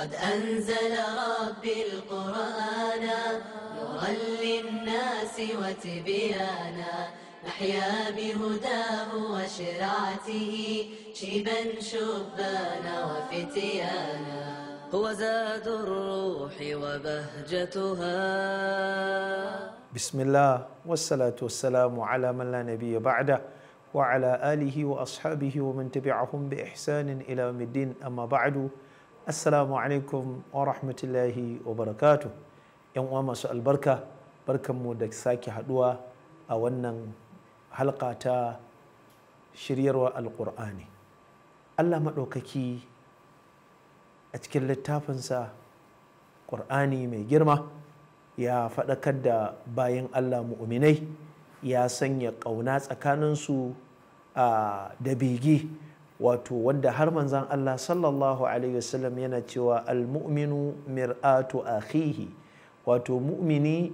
قد أنزل ربي القرآن نورا للناس وتبيانا نحيا بهداه وشرعته شيبا شبانا وفتيانا هو زاد الروح وبهجتها بسم الله والصلاة والسلام على من لا نبي بعده وعلى آله وأصحابه ومن تبعهم بإحسان إلى يوم الدين أما بعد assalamu alaikum wa rahmatullahi wa barakatu yan uwa masu albarka barkanmu da sake haduwa a wannan halka ta shiryarwa alkur'ani allah maɗaukaki a cikin littafinsa ƙur'ani mai girma ya faɗakar da bayan allah mu'uminai ya sanya ƙauna tsakaninsu ah, da bege wato wanda har manzan Allah sallallahu alaihi wasallam yana cewa almu'minu mir'atu akhihi wato mu'mini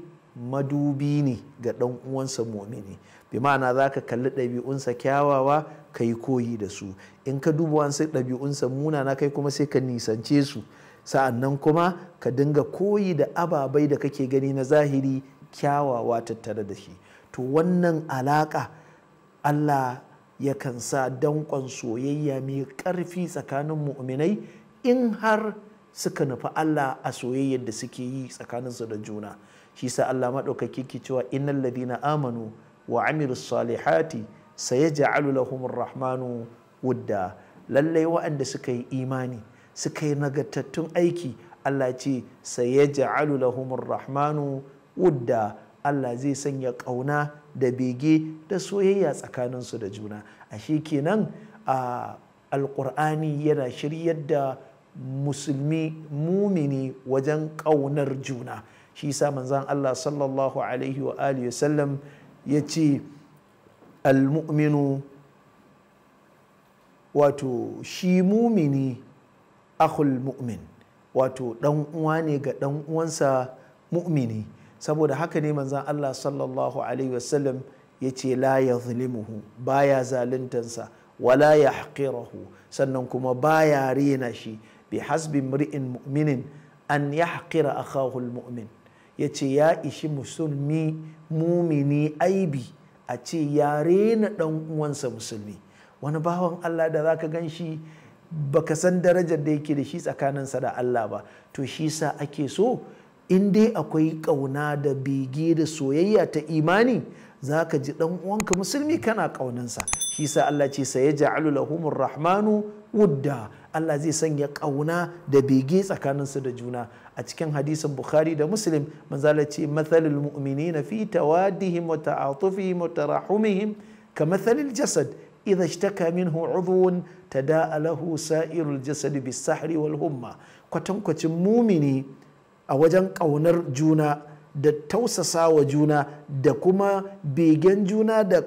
madubi ne ga ɗan uwansa mu'mini bi ma'ana za ka kalli ɗabi'unsa kyawawa ka yi koyi da su in ka duba wasu ɗabi'unsa na kai kuma sai ka nisance su sa'annan kuma ka dinga koyi da ababai da kake gani na zahiri kyawawa tattare da shi to wannan alaƙa Allah yakan sa danƙon soyayya mai ƙarfi tsakanin mu'minai in har suka nufi Allah a soyayyar da suke yi tsakaninsu da juna shi sa Allah maɗaukaki ke cewa innal ladina amanu wa amilus salihati sayaj'alu lahumur rahmanu wudda lallai waɗanda suka yi imani suka yi nagartattun aiki Allah ce sayaj'alu lahumur rahmanu wudda Allah zai sanya ƙauna da bege da soyayya tsakaninsu da juna ashe kenan alƙur'ani yana shiryar da musulmi mumini wajen ƙaunar juna shi sa manzan Allah sallallahu alaihi wa alihi sallam ya ce almu'minu wato shi mumini akhul mu'min wato ɗan uwa ne ga ɗan uwansa mu'mini saboda haka ne manzan Allah sallallahu alaihi wasallam ya ce la ya zulimuhu baya zaluntansa wala ya haƙirahu sannan kuma baya rena shi bi hasbi mri'in mu'minin an ya haƙira akahu mu'min ya ce ya ishi musulmi mumini aibi a ce ya rena ɗan uwansa musulmi wani bawan Allah da zaka gan shi baka san darajar da yake da shi tsakaninsa da Allah ba to shi sa ake so in dai akwai ƙauna da bege da soyayya ta imani za ka ji ɗan uwanka musulmi kana ƙaunansa shi sa Allah ce sai ya ja'alu lahumur rahmanu wudda Allah zai sanya ƙauna da bege tsakaninsu da juna a cikin hadisin Bukhari da Muslim manzala ce mu'mini mu'minina fi tawadihim wa ta'atufihim wa tarahumihim ka mathalil jasad إذا اشتكى منه عضو lahu sa'irul سائر الجسد wal wal humma kwatankwacin mumini a wajen ƙaunar juna da tausasa wa juna da kuma begen juna da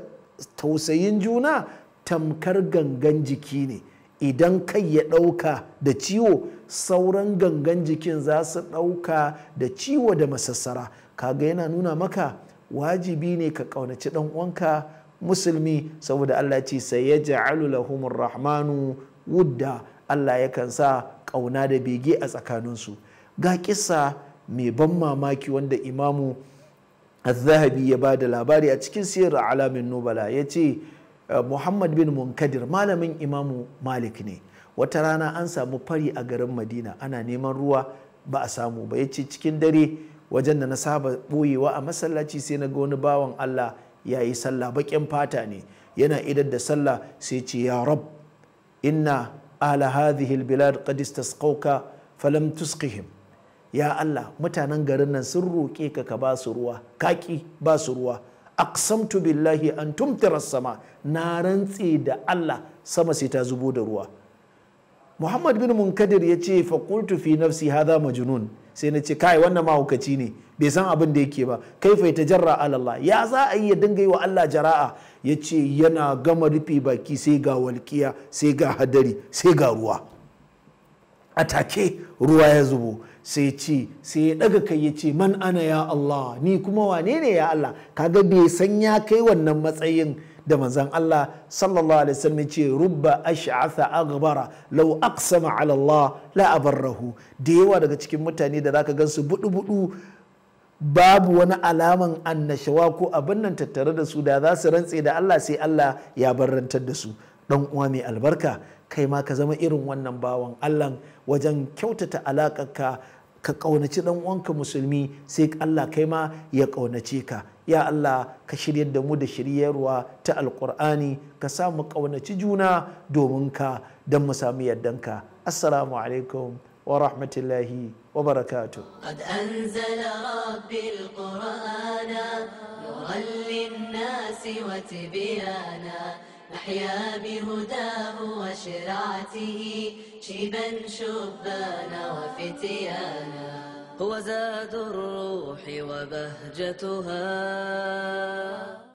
tausayin juna tamkar gangan jiki ne idan kai ya ɗauka da ciwo sauran gangan jikin za su ɗauka da ciwo da masassara kaga yana nuna maka wajibi ne ka ƙaunaci ɗan uwanka musulmi saboda Allah ce sai ya ja'alu lahumur rahmanu wudda Allah yakan sa ƙauna da bege a tsakaninsu ga kisa mai ban mamaki wanda imamu zahabi ya ba da labari a cikin siyar alamin nubala ya ce eh, muhammad bin munkadir malamin imamu malik ne wata rana an samu fari a garin madina ana neman ruwa ba a samu ba ya ce cikin dare wajen da na saba ɓoyewa a masallaci sai na ga wani bawan allah ya yi sallah baƙin fata ne yana idar da sallah sai ce ya rab inna ala hadhihi albilad qad istasqauka falam tusqihim ya Allah mutanen garin nan sun roƙe ka ka ba su ruwa kaki ba su ruwa aqsamtu billahi an tumtira sama na rantse da Allah sama sai ta zubo da ruwa Muhammad bin Munkadir ya ce fa qultu fi nafsi hadha majnun sai na ce kai wannan mahaukaci ne bai san abin da yake ba kai fa ta jarra Allah ya za a yi dinga yi wa Allah jara'a ya ce yana gama rufe baki sai ga walƙiya sai ga hadari sai ga ruwa a take ruwa ya zubo sai ce sai ya daga kai ya ce man ana ya Allah ni kuma wane ne ya Allah kaga bai san ya kai wannan matsayin da manzan Allah sallallahu alaihi wasallam ce rubba ash'atha aghbara law aqsama ala Allah la abarrahu da yawa daga cikin mutane da zaka gansu budu budu babu wani alaman annashawa ko abin nan tattare da su da za su rantse da Allah sai Allah ya barrantar da su dan uwa mai albarka kai ma ka zama irin wannan bawan Allah wajen kyautata ka. ka ƙaunaci ɗan uwanka musulmi sai Allah kai ma ya ƙaunace ka ya Allah ka shiryar da mu da shiryarwa ta alƙur'ani ka sa mu ƙaunaci juna domin ka don mu samu yardanka assalamu alaikum wa rahmatullahi wa barakatu قد أنزل ربي القرآن نورا للناس وتبيانا أحيا بهداه وشرعته شيبا شبانا وفتيانا هو زاد الروح وبهجتها